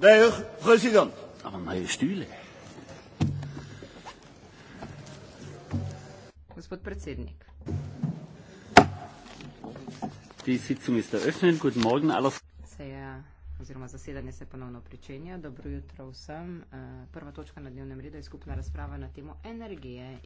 De heer president. Aan mijn stuur. Gospod predsednik. Die sitzung ist eröffnet. Guten Morgen. Alles. Seja, oziroma zasedanje se ponovno pričenja. Dobro jutro vsem. Eh, prva točka na dnevnem redu je skupna razprava na temo energije